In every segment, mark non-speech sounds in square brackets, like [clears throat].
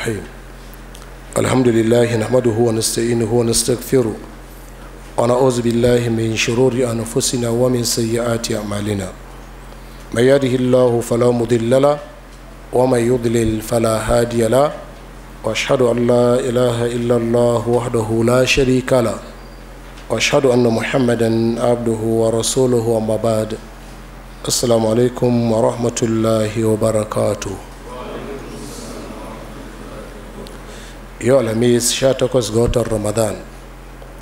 الرحيم الحمد لله نحمده ونستعينه ونستغفره ونعوذ بالله من شرور أنفسنا ومن سيئات أعمالنا من يهده الله فلا مضل له ومن يضلل فلا هادي له واشهد ان لا اله الا الله وحده لا شريك له واشهد ان محمدا عبده ورسوله اما بعد السلام عليكم ورحمه الله وبركاته yau alhamis 18 ga watan ramadan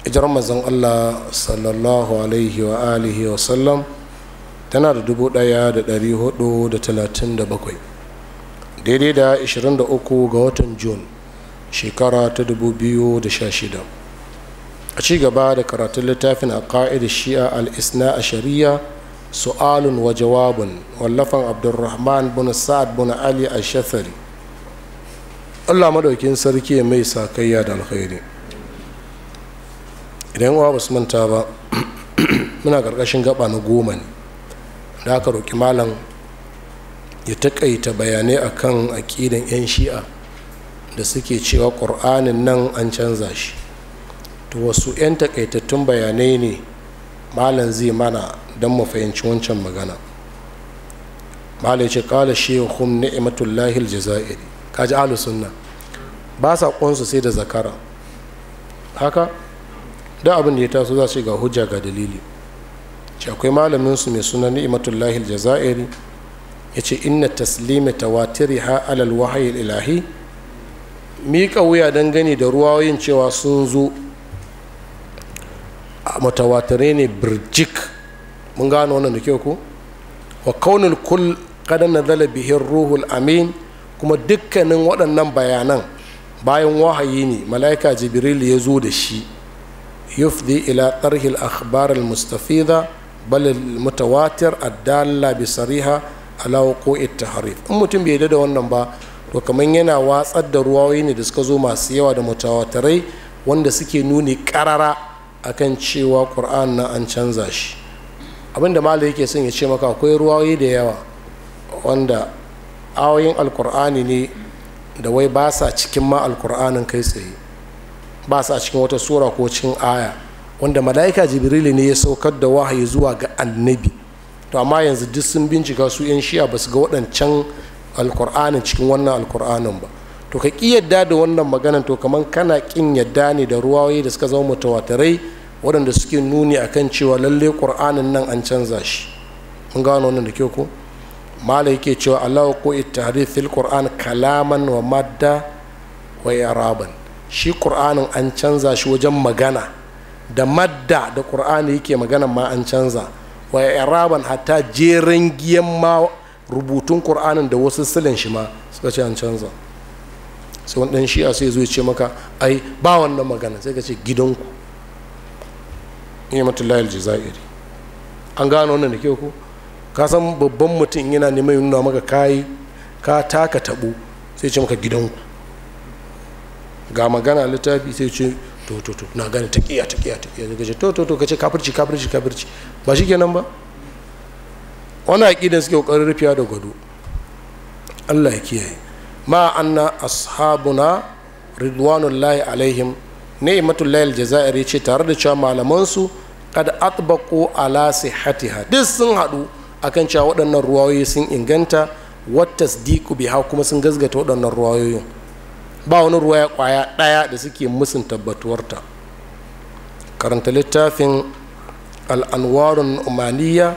ijar mazan allah sallallahu alaihi wa alihi wa sallam tana da 1437 daidai da 23 ga watan june shekara ta 2016 a ci gaba da karatun littafin a ƙa'idar shi'a al-isna a shari'a su'alun wa jawabun wallafan abdulrahman bin sa'ad bin ali al-shafari allah maɗaukin sarki mai sakayya da alkhairi idan uwa ba su manta ba [clears throat] muna ƙarƙashin gaba na goma ne da aka roƙi malam ya taƙaita bayanai akan aƙidan 'yan shi'a da suke cewa ƙur'anin nan an canza shi to wasu 'yan taƙaitattun bayanai ne malam zai mana don mu fahimci wancan magana malam ya ce ƙala shehun ni'imatullahi aljazairi kaji ahlus sunna ba sa ƙwansu sai da zakara haka da abin da ya taso za su ga hujja ga dalili ce akwai malamin su mai suna ni'matullahi aljazairi ya ce inna taslima tawatiri ha alal wahayi ilahi miƙa wuya don gani da ruwayoyin cewa sun zo a matawatare ne birjik mun gano wannan da kyau ko wa kaunul kul kadan na zalabihin ruhul amin kuma dukkanin waɗannan bayanan bayan wahayi ne mala'ika jibril ya zo da shi yufdi ila tarhil akhbar al mustafida bal al mutawatir addalla bi sariha ala wuqu'i in mutum bai da wannan ba to kamar yana watsar da ruwayoyi ne da suka zo masu yawa da mutawatirai wanda suke nuni karara akan cewa qur'an na an canza shi abinda malai yake son ya ce maka akwai ruwayoyi da yawa wanda ayoyin alkur'ani ne da wai ba sa cikin ma alkur'anin kai tsaye ba sa cikin wata sura ko cikin aya wanda mala'ika jibrilu ne ya saukar da wahayi zuwa ga annabi to amma yanzu duk sun bincika su yan shiya ba su ga waɗancan alkur'anin cikin wannan alkur'anin ba to ka ƙi yadda da wannan maganan to kamar kana ƙin yadda ne da ruwaye da suka zama mutawatarai waɗanda suke nuni akan cewa lallai ƙur'anin nan an canza shi mun gano wannan da kyau ko malai yake cewa allahu ko itari fil qur'an kalaman wa madda wa yaraban shi qur'anin an canza shi wajen magana da madda da qur'ani yake magana ma an canza wa yaraban hatta jeren giyan ma rubutun qur'anin da wasu silin shi ma suka ce an canza sai wani dan shi'a sai zo ce maka ai ba wannan magana sai ka ce gidanku ni'matullahi aljazairi an gano wannan da kyau ko ka san babban mutum yana neman yi nuna maka kayi ka taka tabo sai ce maka gidanku ga magana littafi sai ce to to to na gane ta kiya ta kiya ta kiya kace to to to ce kafirci kafirci kafirci ba shi kenan ba wani aqidan suke ƙoƙarin rufiya da gado Allah ya kiyaye ma anna ashabuna ridwanullahi alaihim aljazair ya ce tare da cewa malamansu su kad atbaqu ala hati duk sun haɗu. akan cewa waɗannan ruwayoyi sun inganta wattas bi biha kuma sun gazgata waɗannan ruwayoyin ba wani ruwaya kwaya ɗaya da suke musun tabbatuwarta karanta littafin al'anwarun umaniya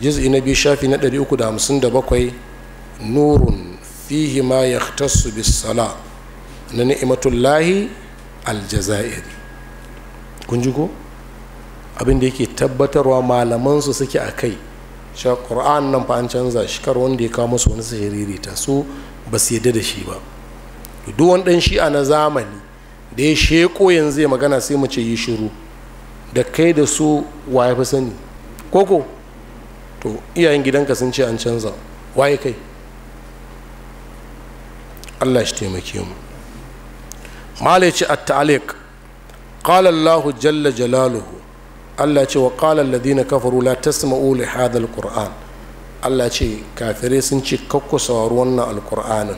juz'i na biyu shafi na 357 nurun fihi ma ya bi sala na ni'imatullahi aljazairi kun ji ko abin da yake tabbatarwa malamansu suke a kai cewa ƙura'an nan fa an canza shi kar wanda ya kawo musu wani sihiriri ta su ba su yadda da shi ba duk wani ɗan shi'a na zamani da ya sheko yanzu ya magana sai mu ce yi shiru da kai da su wa ya fi sani koko to iyayen gidanka sun ce an canza waye kai allah shi taimake mu malaci at-ta'liq qala allah jalla jalaluhu Allah ce wa qala alladhina kafaru la tasma'u li Al-ƙur'an. Allah ce kafirai sun ce kakku sauru wannan alqur'anin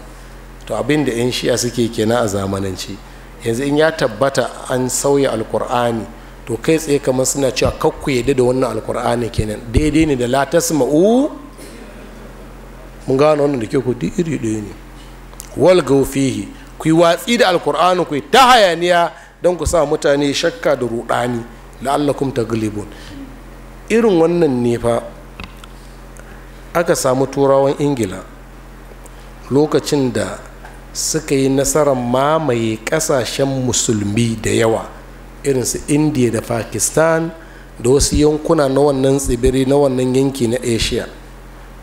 to abin da yan shi'a suke kenan a zamanance yanzu in ya tabbata an sauya alqur'ani to kai tsaye kamar suna cewa kakku yadda da wannan alqur'ani kenan daidai ne da la tasma'u mun gano wannan da ke ku di iri ɗaya ne wal gaufihi ku yi watsi da alqur'ani ku yi ta hayaniya don ku sa mutane shakka da ruɗani la'allakum taglibun irin wannan ne fa aka samu turawan ingila lokacin da suka yi nasarar mamaye kasashen musulmi da yawa irinsu indiya da pakistan da wasu yankuna na wannan tsibiri na wannan yanki na asia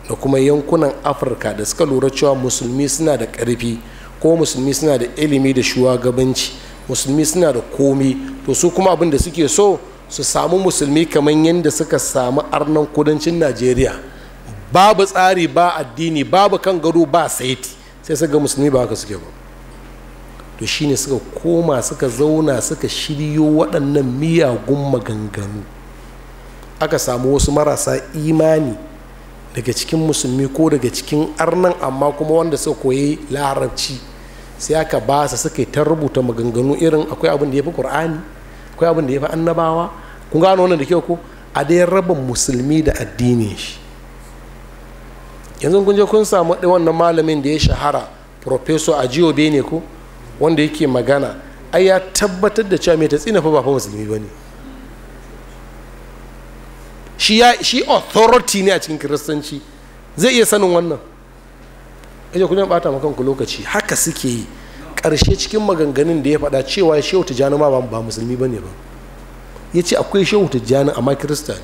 da kuma yankunan afirka da suka lura cewa musulmi suna da ƙarfi ko musulmi suna da ilimi da shugabanci musulmi suna da komi to su kuma abin da suke so su samu musulmi kamar yadda suka samu arnan kudancin najeriya babu tsari ba addini babu kan gado ba saiti sai suka musulmi ba haka suke ba to shine suka koma suka zauna suka shiryo waɗannan miyagun maganganu aka samu wasu marasa imani daga cikin musulmi ko daga cikin arnan amma kuma wanda suka koyi larabci sai aka ba su suka ta rubuta maganganu irin akwai abin da ya fi ƙur'ani akwai abin da ya fi annabawa kun gano wannan da kyau ko a dai rabin musulmi da addinin shi yanzu kun je kun samu wannan malamin da ya shahara a ajiyo bene ko wanda yake magana ai ya tabbatar da cewa mai ta tsina fa ba fa musulmi ba ne shi authority ne a cikin kiristanci zai iya sanin wannan yace eh, ku bata ma kanku lokaci haka suke yi karshe cikin maganganun da ya faɗa cewa shehu tijjani ma ba musulmi bane ba ya ce akwai shehu tijjani amma kirista ne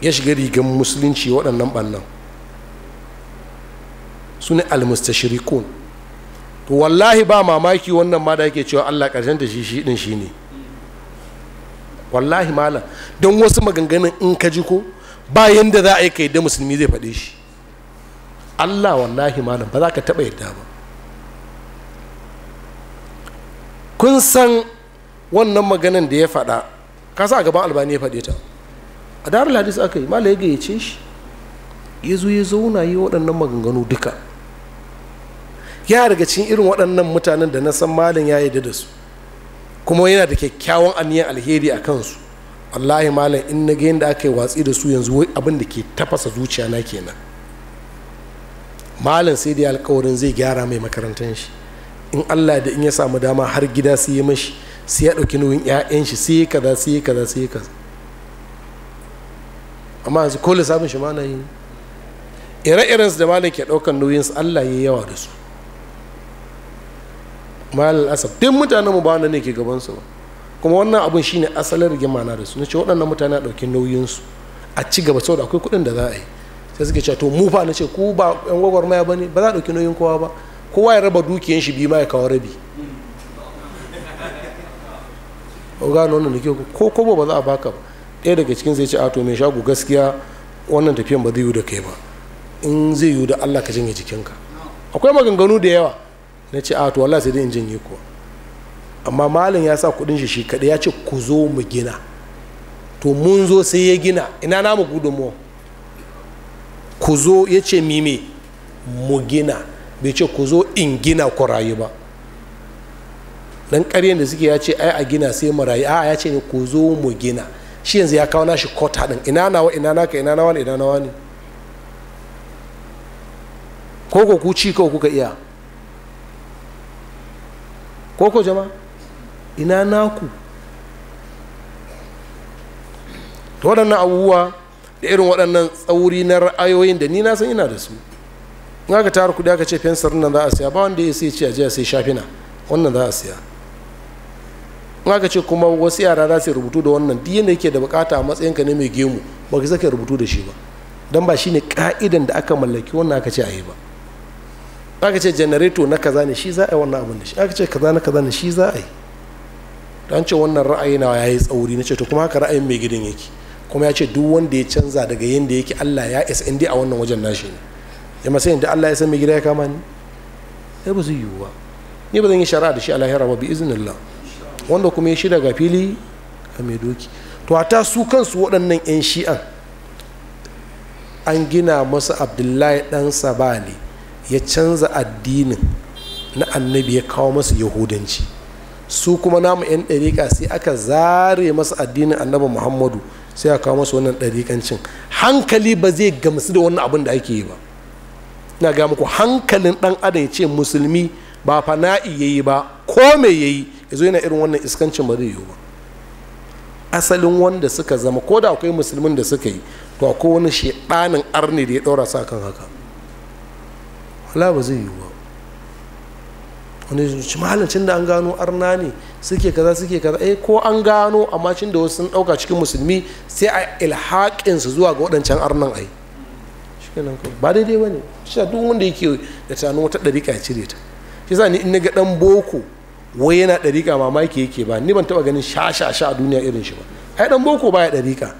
ya shiga rigar musulunci waɗannan ɓannan su ne almustashirikun to wallahi ba mamaki wannan ma da yake cewa allah ƙarshen ta shi shi ɗin shi ne wallahi malam don wasu maganganun in ka ji ko ba yadda za a yi kai da musulmi zai faɗe shi allah wallahi malam ba za ka taɓa yadda ba kun san wannan maganan da ya faɗa ka sa a gaban albani ya faɗe ta a darul hadis aka yi malam ya gayyace shi ya zo ya zauna yi waɗannan maganganu duka ya daga cikin irin waɗannan mutanen da na san malam ya yarda da su kuma yana da kyakkyawan aniyan alheri a kansu wallahi malam in na ga yadda aka yi watsi da su yanzu abin da ke tafasa zuciya na kenan malin sai dai alkawarin zai gyara mai makarantar shi in allah da in ya samu dama har gida sai ya mashi sai ya ɗauki nauyin 'ya'yan shi sai ya kaza sai ya kaza sai ya kaza amma yanzu ko lissafin shi mana yi ire-iren su da malam ke ɗaukan nauyin su allah ya yi yawa da su malin asaf duk mutanen mu ba wanda ne ke gaban su ba kuma wannan abun shine asalin rigima na da su na ce waɗannan mutane a ɗauki nauyin su a ci gaba saboda akwai kuɗin da za a yi sai suke cewa to mu fa na ce ku ba yan gwagwarmaya ba ne ba za a ɗauki nauyin kowa ba kowa ya raba dukiyan shi biyu ma ya kawo rabi o gano wannan da ko kobo ba za a baka ba ɗaya daga cikin zai ce a to mai shago gaskiya wannan tafiyan ba zai yiwu da kai ba in zai yiwu da allah ka janye jikinka akwai maganganu da yawa na ce a to allah sai dai in janye kuwa amma malin ya sa kudin shi shi kaɗai ya ce ku zo mu gina to mun zo sai ya gina ina namu gudunmu ku zo ya ce mime mu gina bai ce ku zo in gina ku rayu ba dan ƙaryen da suke ya ce ai a gina sai mu rayu a'a ya ce ne ku zo mu gina shi yanzu ya kawo nashi kota din ina nawa ina naka ina nawa ina nawa ne ko ko ku ci kawai kuka iya ko ko jama ina naku to waɗannan abubuwa da irin waɗannan tsauri na ra'ayoyin da ni na san ina da su in aka tara kuɗi aka ce fensar nan za a siya ba wanda ya sai ce a jiya sai shafina wannan za a siya in aka ce kuma wasu yara za su rubutu da wannan duk yadda yake da bukata a matsayinka ne mai gemu ba ka saka rubutu da shi ba don ba shine ka'idan da aka mallaki wannan aka ce a yi ba aka ce janareto na kaza ne shi za a yi wannan abin da shi aka ce kaza na kaza ne shi za a yi don ce wannan ra'ayi na ya yi tsauri na ce to kuma haka ra'ayin mai gidan yake kuma ya ce duk wanda ya canza daga yadda yake Allah ya isa inda a wannan wajen nashi ne ya masu yadda Allah ya san mai gida ya kama ni ya ba zai yiwuwa ni ba zan yi shari'a da shi a lahira ba bi iznillah wanda kuma ya shi daga fili a mai doki to hata su kansu waɗannan 'yan shi'an an gina masu abdullahi ɗan sabali ya canza addinin na annabi ya kawo masu yahudanci su kuma namu 'yan ɗariƙa sai aka zare masa addinin annabi muhammadu sai a kawo masu wannan ɗariƙancin hankali ba zai gamsu da wannan abin da ake yi ba na ga muku hankalin ɗan adam ya ce musulmi ba fana'i ya yi ba ko me ya yi ya zo yana irin wannan iskancin ba zai yi ba asalin wanda suka zama ko da akwai musulmin da suka yi to akwai wani shedanin arni da ya ɗaura sa kan haka wala ba zai yi ba wani zuci mahallacin da an gano arna ne suke kaza suke kaza eh ko an gano amma cin da wasu sun dauka cikin musulmi sai a ilhaƙin su zuwa ga waɗancan arnan ai ko ba daidai bane shi duk wanda yake da tunanin wata ɗariƙa cire ta shi sa ni in naga ga ɗan boko wai yana ɗariƙa mamaki yake ba ni ban taɓa ganin sha sha a duniya irin shi ba ai ɗan boko baya ɗariƙa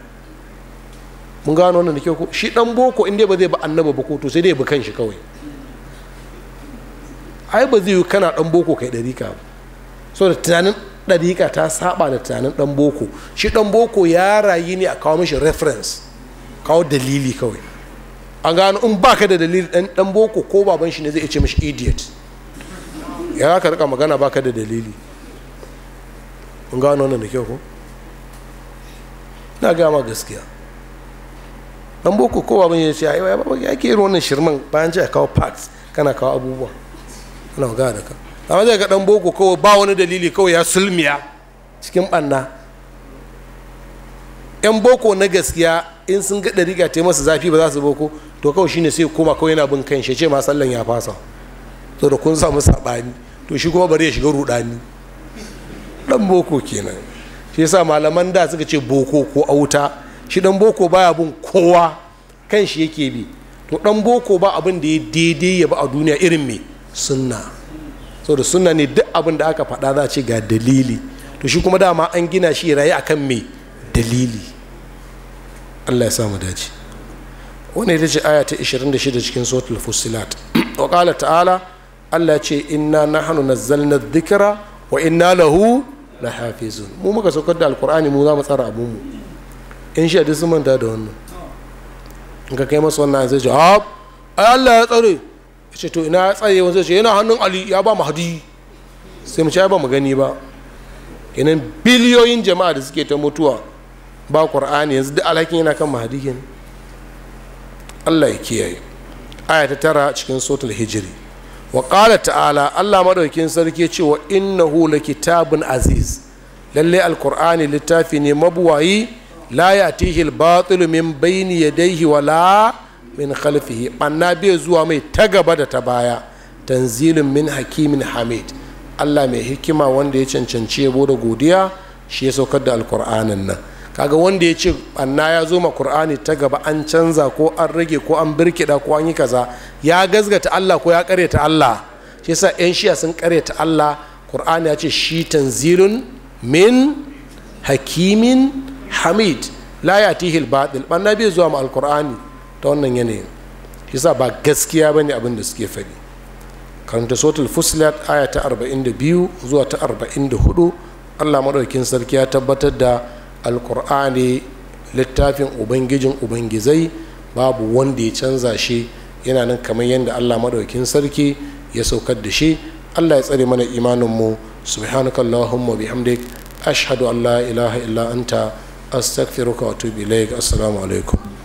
mun gano wannan da kyau ko shi ɗan boko in dai ba zai ba annaba ba ko to sai dai ya bi kanshi kawai ai ba zai yi kana dan boko kai dariƙa ba so da tunanin ɗarika ta saba da tunanin dan boko shi dan boko ya rayu ne a kawo mishi reference kawo dalili kawai an gano in baka da dalili dan boko ko baban shi ne zai ce mishi idiot ya ka rika magana baka da dalili kun gano wannan da kyau ko na gama gaskiya dan boko ko baban shi ya ce ya ke yi wannan shirman bayan ji a kawo facts kana kawo abubuwa ina magana da ka amma zai ga dan boko kawai ba wani dalili kawai ya sulmiya cikin banna yan boko na gaskiya in sun ga dariga ta masa zafi ba za su boko to kawai shine sai koma kawai yana bin kan shi ce ma sallan ya fasa to da kun samu sabani to shi kuma bari ya shiga rudani dan boko kenan shi yasa malaman da suka ce boko ko auta shi dan boko baya bin kowa kan shi yake bi to dan boko ba abin da ya daidai ya ba a duniya irin me sunna da sunna ne duk abin da aka faɗa za ce ga dalili to shi kuma dama an gina shi raye akan mai dalili Allah ya samu dace wani ya ce aya ta 26 cikin suratul fusilat wa qala ta'ala Allah ya ce inna na zalna zikira wa inna lahu hafizun mu muka saukar da alkur'ani mu za mu tsara abun mu in shi a sun manta da wannan in ka kai masa wannan zai ce Allah ya tsare ce to ina ya tsaye wanzu ce yana hannun ali ya ba mu sai mu ce ba mu gani ba kenan biliyoyin jama'a da suke ta mutuwa ba qur'ani yanzu duk alhakin yana kan mahadi Allah ya kiyaye aya ta tara cikin sotul hijiri wa qala ta'ala Allah madaukin sarki cewa innahu kitabun aziz lalle alqur'ani littafi ne mabuwayi la ya'tihi al-batil min bayni yadayhi wala min khalfihi banna bai zuwa mai ta gaba da ta baya tanzilin min hakimin hamid allah mai hikima wanda ya cancanci yabo da godiya shi ya saukar da alkur'anin nan kaga wanda ya ce banna ya zo ma kur'ani ta gaba an canza ko an rage ko an birkida ko an yi kaza ya gazgata allah ko ya karyata allah shi yasa yan shiya sun karyata allah kur'ani ya ce shi tanzilun min hakimin hamid la tihil batil banna bai zuwa ma alkur'ani ta wannan yanayin shi sa ba gaskiya ne abin da suke faɗi karanta sotul fusilat aya ta 42 zuwa ta 44 allah maɗaukin sarki ya tabbatar da alkur'ani littafin ubangijin ubangizai babu wanda ya canza shi yana nan kamar yadda allah maɗaukin sarki ya saukar da shi allah ya tsare mana imaninmu subhanakallahumma bihamdik ashhadu an la ilaha illa anta astaghfiruka wa atubu assalamu alaikum